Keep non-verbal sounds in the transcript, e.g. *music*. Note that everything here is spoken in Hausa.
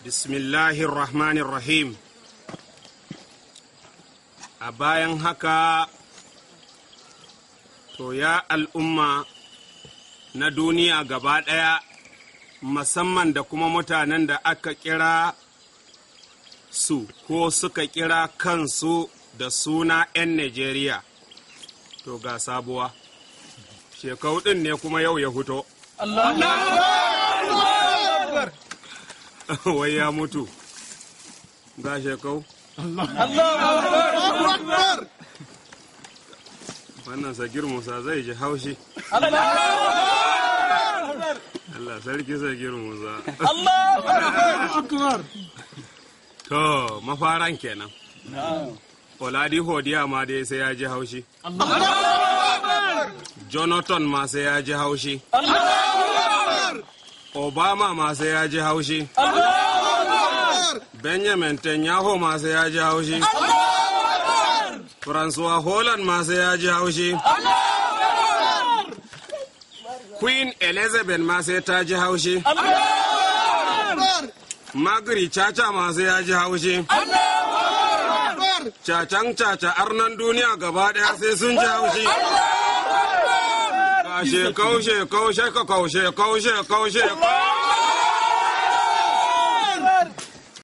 bismillahir rahmanir rahim a bayan haka to ya al'umma na duniya gaba ɗaya musamman da kuma mutanen da aka kira su ko suka kira kansu da suna 'yan Najeriya. To ga sabuwa, shekau ɗin ne kuma yau ya huto. Allah! *laughs* wai ya mutu ga shekau Allah wannan sagir musa zai ji haushi Allah sarki sagir musa Allah to mafaran kenan Oladi Hodiya ma dai sai ya ji haushi. Jonathan ma sai ya ji haushi. Allah obama ma sai ya ji haushi benjamin netanyahu ma sai ya ji haushi francois holland ma sai ya ji haushi queen elizabeth ma sai ta ji haushi magri caca ma sai ya ji haushi cacan caca arnan duniya gaba daya sai sun ji haushi 感谢，感谢，感谢，高，感谢，感谢，高。